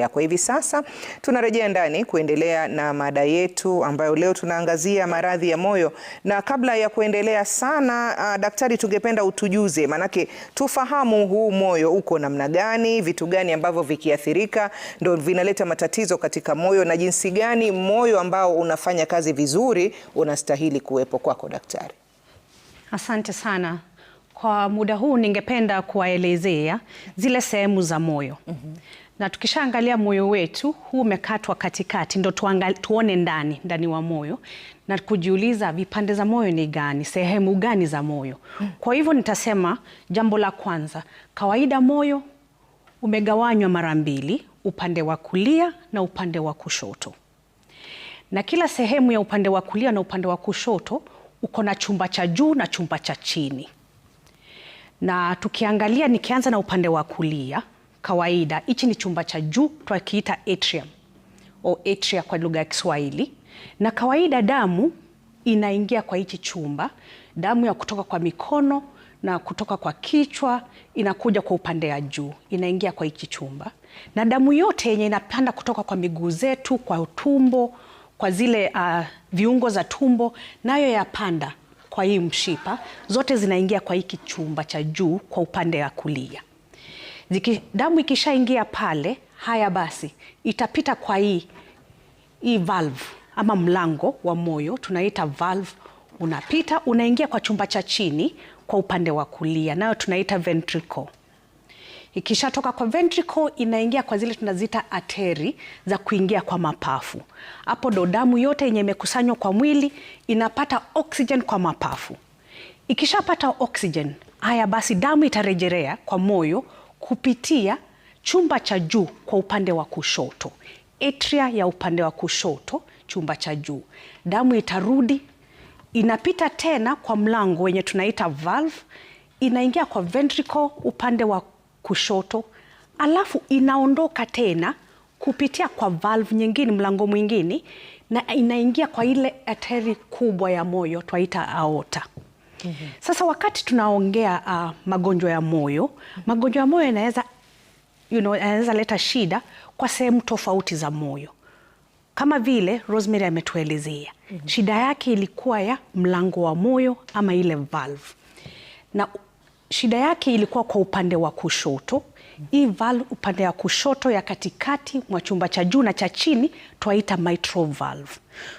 Kwa hivi sasa tunarejea ndani kuendelea na mada yetu ambayo leo tunaangazia maradhi ya moyo, na kabla ya kuendelea sana uh, daktari, tungependa utujuze, maanake tufahamu huu moyo uko namna gani, vitu gani ambavyo vikiathirika ndo vinaleta matatizo katika moyo na jinsi gani moyo ambao unafanya kazi vizuri unastahili kuwepo. Kwako daktari. Asante sana kwa muda huu, ningependa kuwaelezea zile sehemu za moyo mm -hmm. Na tukishaangalia moyo wetu huu umekatwa katikati, ndo tuone ndani ndani wa moyo na kujiuliza vipande za moyo ni gani, sehemu gani za moyo. Kwa hivyo nitasema jambo la kwanza, kawaida moyo umegawanywa mara mbili, upande wa kulia na upande wa kushoto, na kila sehemu ya upande wa kulia na upande wa kushoto uko na chumba cha juu na chumba cha chini. Na tukiangalia, nikianza na upande wa kulia kawaida. Hichi ni chumba cha juu twakiita atrium au atria kwa lugha ya Kiswahili, na kawaida damu inaingia kwa hichi chumba, damu ya kutoka kwa mikono na kutoka kwa kichwa inakuja kwa upande ya juu inaingia kwa hichi chumba, na damu yote yenye inapanda kutoka kwa miguu zetu, kwa tumbo, kwa zile uh, viungo za tumbo, nayo yapanda kwa hii mshipa, zote zinaingia kwa hiki chumba cha juu kwa upande wa kulia. Ziki, damu ikishaingia pale, haya basi itapita kwa hii hii valve ama mlango wa moyo tunaita valve, unapita unaingia kwa chumba cha chini kwa upande wa kulia, nayo tunaita ventricle. Ikishatoka kwa ventricle inaingia kwa zile tunaziita ateri za kuingia kwa mapafu. Hapo ndo damu yote yenye imekusanywa kwa mwili inapata oxygen kwa mapafu. Ikishapata oxygen, haya basi damu itarejelea kwa moyo kupitia chumba cha juu kwa upande wa kushoto, atria ya upande wa kushoto, chumba cha juu. Damu itarudi inapita tena kwa mlango wenye tunaita valve, inaingia kwa ventricle upande wa kushoto, alafu inaondoka tena kupitia kwa valve nyingine, mlango mwingine, na inaingia kwa ile ateri kubwa ya moyo twaita aorta. -hmm. Sasa wakati tunaongea uh, magonjwa ya moyo mm-hmm. magonjwa ya moyo yanaweza you know, yanaweza leta shida kwa sehemu tofauti za moyo kama vile Rosemary ametuelezea mm -hmm. shida yake ilikuwa ya mlango wa moyo ama ile valve, na shida yake ilikuwa kwa upande wa kushoto mm-hmm. hii valve upande wa kushoto ya katikati mwa chumba cha juu na cha chini twaita mitral valve.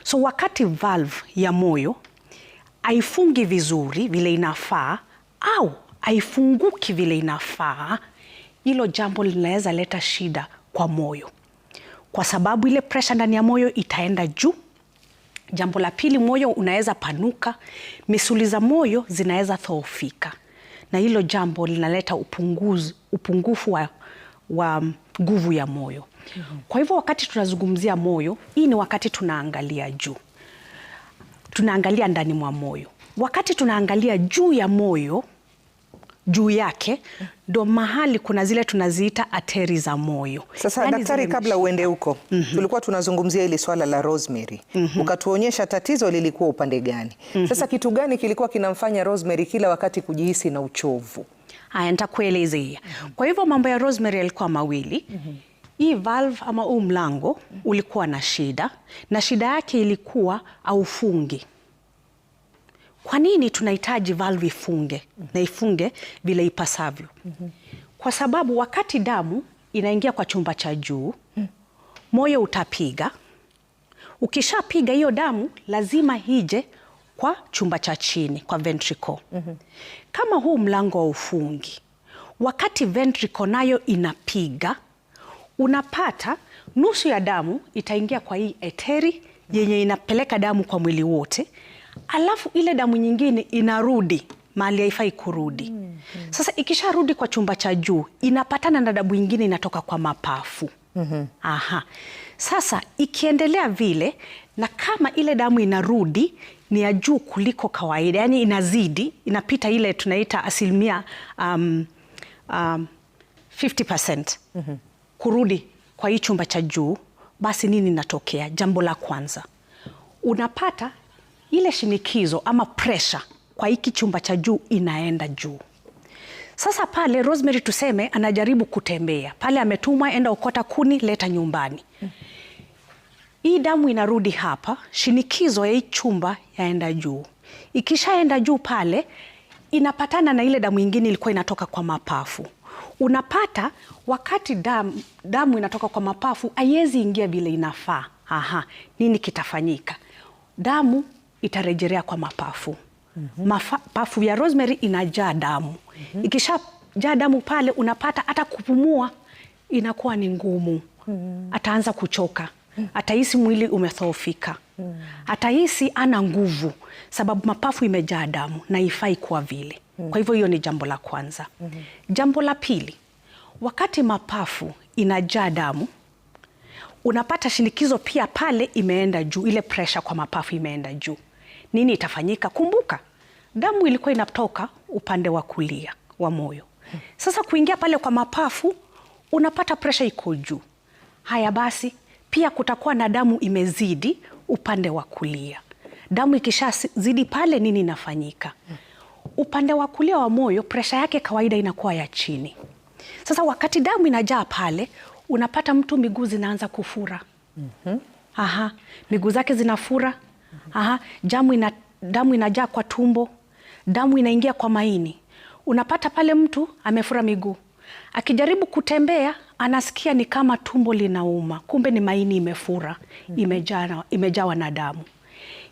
So wakati valve ya moyo haifungi vizuri vile inafaa au haifunguki vile inafaa, hilo jambo linaweza leta shida kwa moyo, kwa sababu ile presha ndani ya moyo itaenda juu. Jambo la pili, moyo unaweza panuka, misuli za moyo zinaweza thoofika, na hilo jambo linaleta upunguzi, upungufu wa wa nguvu ya moyo. Mhm. Kwa hivyo wakati tunazungumzia moyo, hii ni wakati tunaangalia juu tunaangalia ndani mwa moyo. Wakati tunaangalia juu ya moyo, juu yake ndo mahali kuna zile tunaziita ateri za moyo. Sasa yani daktari, kabla uende huko mm -hmm. tulikuwa tunazungumzia ili swala la Rosemary mm -hmm. ukatuonyesha tatizo lilikuwa upande gani? mm -hmm. Sasa kitu gani kilikuwa kinamfanya Rosemary kila wakati kujihisi na uchovu? Haya, nitakuelezea. Mhm. Kwa hivyo mambo ya Rosemary yalikuwa mawili. mm -hmm hii valve ama huu mlango ulikuwa na shida, na shida yake ilikuwa aufungi. Kwa nini tunahitaji valve ifunge na ifunge vile ipasavyo? Kwa sababu wakati damu inaingia kwa chumba cha juu, moyo utapiga. Ukishapiga hiyo damu lazima ije kwa chumba cha chini kwa ventricle. Kama huu mlango wa ufungi, wakati ventricle nayo inapiga unapata nusu ya damu itaingia kwa hii eteri yenye inapeleka damu kwa mwili wote, alafu ile damu nyingine inarudi mahali haifai kurudi. mm -hmm. Sasa ikisharudi kwa chumba cha juu inapatana na damu nyingine inatoka kwa mapafu. mm -hmm. Aha. Sasa ikiendelea vile, na kama ile damu inarudi ni ya juu kuliko kawaida, yaani inazidi, inapita ile tunaita asilimia um, um, 50%. mm -hmm kurudi kwa hii chumba cha juu, basi nini natokea? Jambo la kwanza unapata ile shinikizo ama presha kwa hiki chumba cha juu inaenda juu. Sasa pale Rosemary tuseme anajaribu kutembea pale, ametumwa enda ukota kuni, leta nyumbani. Hii damu inarudi hapa, shinikizo ya hii chumba yaenda juu. Ikishaenda juu pale, inapatana na ile damu ingine ilikuwa inatoka kwa mapafu unapata wakati damu, damu inatoka kwa mapafu haiwezi ingia vile inafaa. Aha, nini kitafanyika? Damu itarejelea kwa mapafu mm -hmm. Mapafu ya Rosemary inajaa damu mm -hmm. Ikishajaa damu pale unapata hata kupumua inakuwa ni ngumu mm -hmm. Ataanza kuchoka, mhm. atahisi mwili Mm mm. atahisi ana nguvu sababu mapafu imejaa damu na ifai kuwa vile mm. kwa hivyo hiyo ni jambo la kwanza mm -hmm. Jambo la pili, wakati mapafu inajaa damu unapata shinikizo pia pale imeenda juu, ile presha kwa mapafu imeenda juu. Nini itafanyika? Kumbuka damu ilikuwa inatoka upande wa kulia wa moyo, hmm. sasa kuingia pale kwa mapafu unapata presha iko juu. Haya basi, pia kutakuwa na damu imezidi upande wa kulia. Damu ikishazidi pale, nini inafanyika? Upande wa kulia wa moyo presha yake kawaida inakuwa ya chini. Sasa wakati damu inajaa pale, unapata mtu miguu zinaanza kufura. mm -hmm. Aha, miguu zake zinafura. Aha, damu ina, damu inajaa kwa tumbo, damu inaingia kwa maini. Unapata pale mtu amefura miguu, akijaribu kutembea anasikia ni kama tumbo linauma, kumbe ni maini imefura, imejawa, imejawa na damu.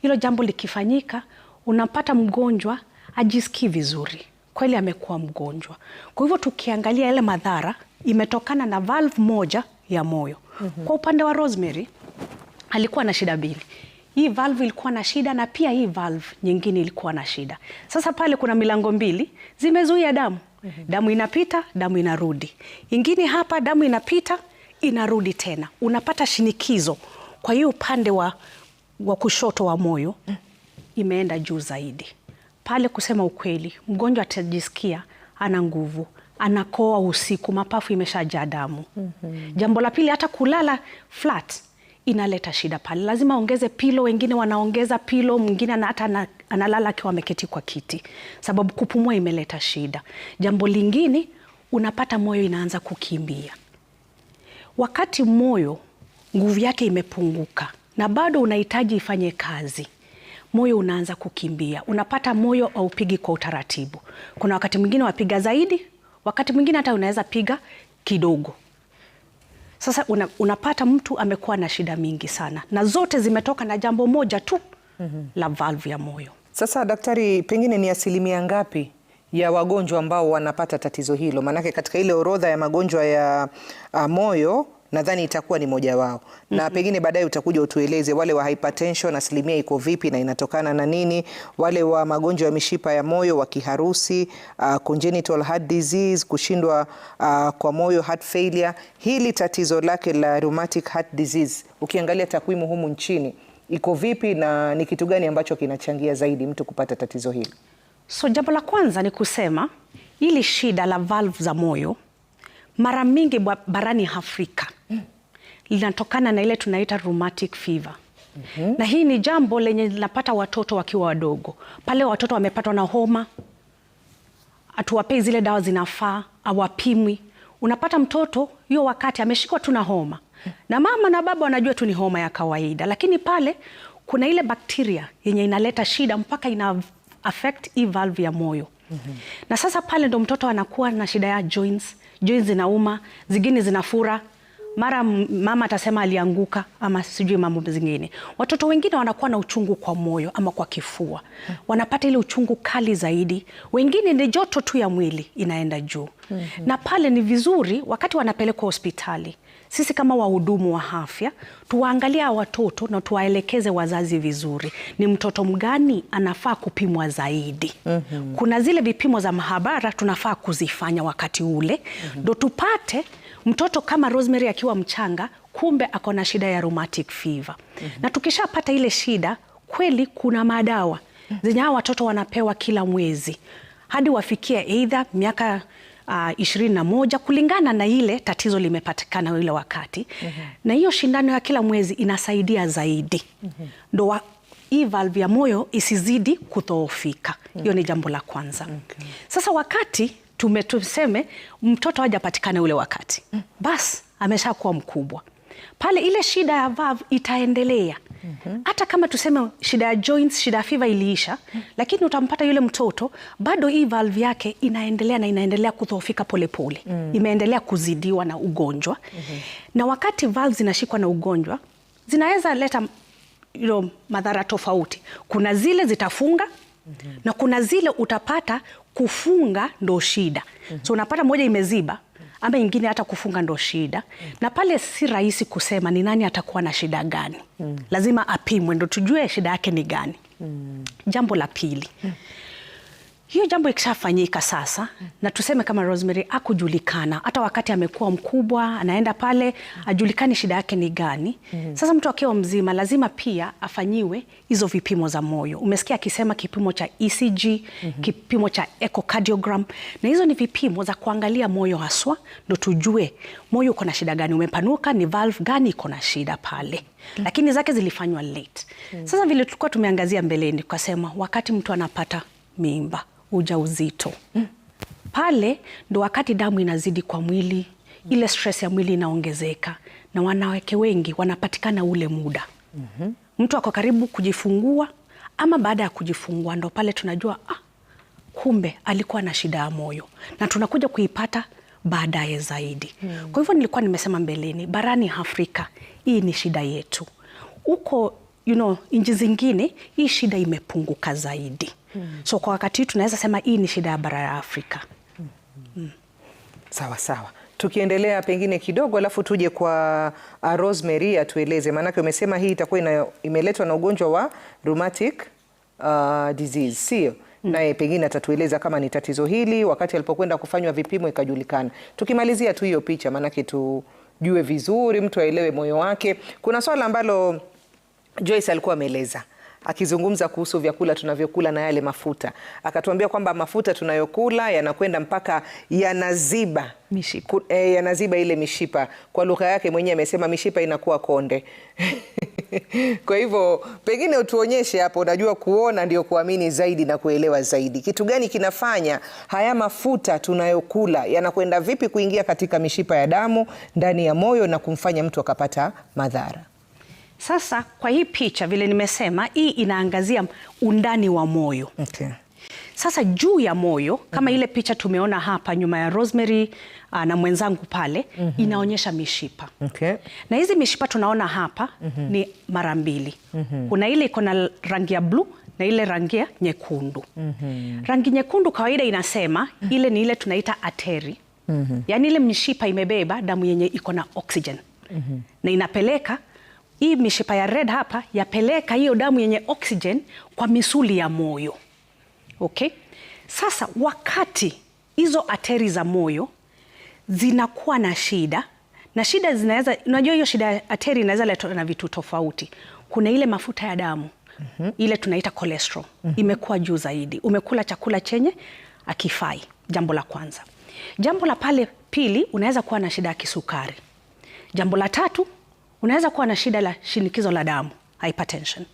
Hilo jambo likifanyika, unapata mgonjwa ajisikii vizuri, kweli amekuwa mgonjwa. Kwa hivyo tukiangalia yale madhara, imetokana na valve moja ya moyo. mm -hmm. Kwa upande wa Rosemary alikuwa na shida mbili hii valve ilikuwa na shida na pia hii valve nyingine ilikuwa na shida. Sasa pale kuna milango mbili zimezuia damu. Mm-hmm. damu inapita, damu inarudi, ingine hapa damu inapita, inarudi tena, unapata shinikizo. Kwa hiyo upande wa, wa kushoto wa moyo mm. imeenda juu zaidi pale. Kusema ukweli, mgonjwa atajisikia ana nguvu, anakoa usiku, mapafu imeshajaa damu. Mm-hmm. Jambo la pili, hata kulala flat inaleta shida pale, lazima ongeze pilo. Wengine wanaongeza pilo, mwingine hata analala akiwa ameketi kwa kiti, sababu kupumua imeleta shida. Jambo lingine, unapata moyo inaanza kukimbia. Wakati moyo nguvu yake imepunguka na bado unahitaji ifanye kazi, moyo unaanza kukimbia, unapata moyo haupigi kwa utaratibu. Kuna wakati mwingine wapiga zaidi, wakati mwingine hata unaweza piga kidogo. Sasa una, unapata mtu amekuwa na shida mingi sana na zote zimetoka na jambo moja tu mm -hmm. la valvu ya moyo. Sasa daktari, pengine ni asilimia ngapi ya wagonjwa ambao wanapata tatizo hilo? Maanake katika ile orodha ya magonjwa ya a, ah, moyo nadhani itakuwa ni moja wao mm -hmm. Na mhm. pengine baadaye utakuja utueleze wale wa hypertension asilimia iko vipi na inatokana na nini, wale wa magonjwa ya mishipa ya moyo wa kiharusi, uh, congenital heart disease, kushindwa uh, kwa moyo heart failure. Hili tatizo lake la rheumatic heart disease, ukiangalia takwimu humu nchini iko vipi na ni kitu gani ambacho kinachangia zaidi mtu kupata tatizo hili? So jambo la kwanza ni kusema ili shida la valve za moyo mara mingi barani Afrika linatokana na ile tunaita rheumatic fever. Mm -hmm. Na hii ni jambo lenye linapata watoto wakiwa wadogo, pale watoto wamepatwa na homa, hatuwapei zile dawa zinafaa, awapimwi. Unapata mtoto hiyo wakati ameshikwa tu na homa, na mama na baba wanajua tu ni homa ya kawaida, lakini pale kuna ile bakteria yenye inaleta shida mpaka ina affect e valve ya moyo. Mm -hmm. Na sasa pale ndo mtoto anakuwa na shida ya joints, joints zinauma, zingine zinafura mara mama atasema alianguka ama sijui mambo zingine. Watoto wengine wanakuwa na uchungu kwa moyo ama kwa kifua, hmm. wanapata ile uchungu kali zaidi. Wengine ni joto tu ya mwili inaenda juu hmm. na pale ni vizuri wakati wanapelekwa hospitali, sisi kama wahudumu wa afya tuwaangalia watoto na tuwaelekeze wazazi vizuri, ni mtoto mgani anafaa kupimwa zaidi. mm -hmm. Kuna zile vipimo za mahabara tunafaa kuzifanya wakati ule mhm. ndo mm -hmm. tupate mtoto kama Rosemary akiwa mchanga, kumbe ako na shida ya rheumatic fever mm -hmm. na tukishapata ile shida kweli, kuna madawa mm -hmm. zenye hawa watoto wanapewa kila mwezi hadi wafikie aidha miaka uh, ishirini na moja kulingana na ile tatizo limepatikana ile wakati mm -hmm. na hiyo shindano ya kila mwezi inasaidia zaidi mm -hmm. hii valve ya moyo isizidi kudhoofika hiyo mm -hmm. ni jambo la kwanza okay. Sasa wakati tumetuseme tuseme mtoto hajapatikana ule wakati, basi ameshakuwa mkubwa pale, ile shida ya valve itaendelea hata kama tuseme shida ya joints, shida ya fiva iliisha, lakini utampata yule mtoto bado hii valve yake inaendelea na inaendelea kudhoofika polepole mm. Imeendelea kuzidiwa na ugonjwa mm -hmm. Na wakati valve zinashikwa na ugonjwa zinaweza leta you know, madhara tofauti. Kuna zile zitafunga mm -hmm. Na kuna zile utapata kufunga ndo shida mm -hmm. So unapata moja imeziba ama ingine hata kufunga ndo shida mm -hmm. Na pale si rahisi kusema ni nani atakuwa na shida gani mm -hmm. Lazima apimwe ndo tujue shida yake ni gani mm -hmm. Jambo la pili mm -hmm hiyo jambo ikishafanyika sasa na tuseme kama Rosemary akujulikana hata wakati amekuwa mkubwa anaenda pale ajulikani shida yake ni gani mm. Sasa mtu akiwa mzima lazima pia afanyiwe hizo vipimo za moyo. Umesikia akisema kipimo cha ECG mm -hmm. kipimo cha echocardiogram, na hizo ni vipimo za kuangalia moyo haswa, ndo tujue moyo uko na shida gani, umepanuka, ni valve gani iko na shida pale mm. Lakini zake zilifanywa late mm. Sasa vile tulikuwa tumeangazia mbeleni, tukasema wakati mtu anapata mimba ujauzito mm. Pale ndo wakati damu inazidi kwa mwili, ile stress ya mwili inaongezeka, na wanawake wengi wanapatikana ule muda mm -hmm. Mtu ako karibu kujifungua ama baada ya kujifungua, ndo pale tunajua ah, kumbe alikuwa na shida ya moyo na tunakuja kuipata baadaye zaidi mm. Kwa hivyo nilikuwa nimesema mbeleni, barani Afrika hii ni shida yetu. Huko you know, nchi zingine hii shida imepunguka zaidi mm. So kwa wakati tunaweza sema hii ni shida ya bara la Afrika. mm. Mm. Sawa sawa, tukiendelea pengine kidogo alafu tuje kwa uh, Rosemary atueleze, maanake umesema hii itakuwa imeletwa na ugonjwa wa rheumatic uh, disease sio? Mm. Naye pengine atatueleza kama ni tatizo hili wakati alipokwenda kufanywa vipimo ikajulikana. Tukimalizia tu hiyo picha, maanake tujue vizuri, mtu aelewe moyo wake. Kuna swala ambalo Joyce alikuwa ameeleza akizungumza kuhusu vyakula tunavyokula na yale mafuta, akatuambia kwamba mafuta tunayokula yanakwenda mpaka yanaziba mishipa. E, yanaziba ile mishipa. Kwa lugha yake mwenyewe amesema mishipa inakuwa konde Kwa hivyo pengine utuonyeshe hapo, unajua, kuona ndio kuamini zaidi na kuelewa zaidi. Kitu gani kinafanya haya mafuta tunayokula yanakwenda vipi kuingia katika mishipa ya damu ndani ya moyo na kumfanya mtu akapata madhara? Sasa kwa hii picha vile nimesema, hii inaangazia undani wa moyo okay. Sasa juu ya moyo kama mm -hmm. ile picha tumeona hapa nyuma ya Rosemary uh, na mwenzangu pale mm -hmm. inaonyesha mishipa okay. na hizi mishipa tunaona hapa mm -hmm. ni mara mbili mm -hmm. kuna ile iko na rangi ya bluu na ile rangi ya nyekundu mm -hmm. rangi nyekundu kawaida inasema ile ni ile tunaita ateri mm -hmm. yaani ile mishipa imebeba damu yenye iko na oxygen mm -hmm. na inapeleka hii mishipa ya red hapa yapeleka hiyo damu yenye oxygen kwa misuli ya moyo okay. Sasa wakati hizo ateri za moyo zinakuwa na shida na shida zinaweza, unajua hiyo shida ya ateri inaweza letwa na vitu tofauti. Kuna ile mafuta ya damu mm -hmm. ile tunaita cholesterol mm -hmm. imekuwa juu zaidi, umekula chakula chenye akifai. Jambo la kwanza. Jambo la pale pili, unaweza kuwa na shida ya kisukari. Jambo la tatu unaweza kuwa na shida la shinikizo la damu hypertension,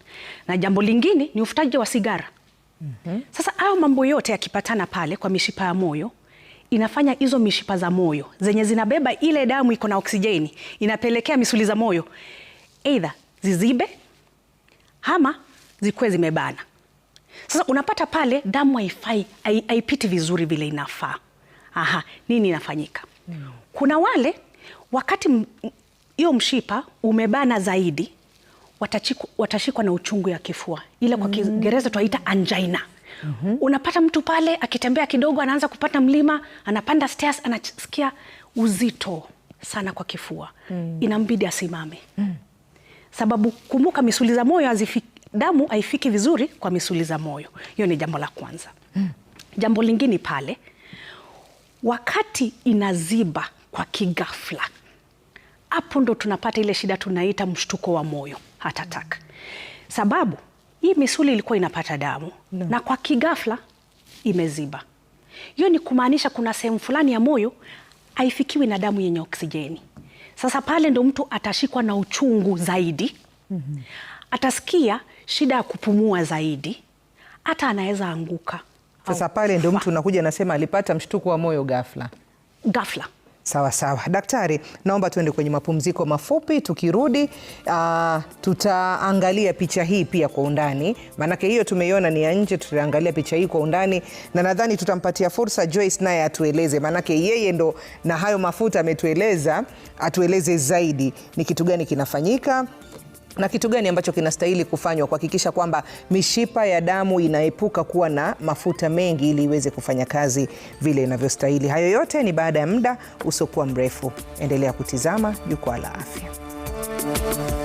na jambo lingine ni ufutaji wa sigara. mm -hmm. Sasa hayo mambo yote yakipatana pale kwa mishipa ya moyo inafanya hizo mishipa za moyo zenye zinabeba ile damu iko na oksijeni inapelekea misuli za moyo either zizibe ama zikuwe zimebana. Sasa unapata pale damu haifai haipiti vizuri vile inafaa. Aha, nini inafanyika? Mm. Kuna wale wakati hiyo mshipa umebana zaidi, watashikwa na uchungu ya kifua ile kwa mm-hmm. Kiingereza tunaita angina. Mm -hmm. Unapata mtu pale akitembea kidogo anaanza kupata mlima, anapanda stairs, anasikia uzito sana kwa kifua. Mm. Inambidi asimame. Mm. Sababu kumbuka, misuli za moyo hazifiki, damu haifiki vizuri kwa misuli za moyo. Hiyo ni jambo la kwanza. Mm. Jambo lingine pale, wakati inaziba kwa kigafla hapo ndo tunapata ile shida tunaita mshtuko wa moyo heart attack, sababu hii misuli ilikuwa inapata damu no. na kwa kigafla imeziba. Hiyo ni kumaanisha kuna sehemu fulani ya moyo haifikiwi na damu yenye oksijeni. Sasa pale ndo mtu atashikwa na uchungu zaidi mm -hmm. atasikia shida ya kupumua zaidi, hata anaweza anguka. Sasa pale ndo mtu unakuja anasema alipata mshtuko wa moyo ghafla ghafla. Sawa sawa, daktari, naomba tuende kwenye mapumziko mafupi. Tukirudi uh, tutaangalia picha hii pia kwa undani, maanake hiyo tumeiona ni ya nje. Tutaangalia picha hii kwa undani na nadhani tutampatia fursa Joyce naye atueleze, maanake yeye ndo na hayo mafuta ametueleza, atueleze zaidi ni kitu gani kinafanyika na kitu gani ambacho kinastahili kufanywa kuhakikisha kwamba mishipa ya damu inaepuka kuwa na mafuta mengi ili iweze kufanya kazi vile inavyostahili. Hayo yote ni baada ya muda usiokuwa mrefu. Endelea kutizama Jukwaa la Afya.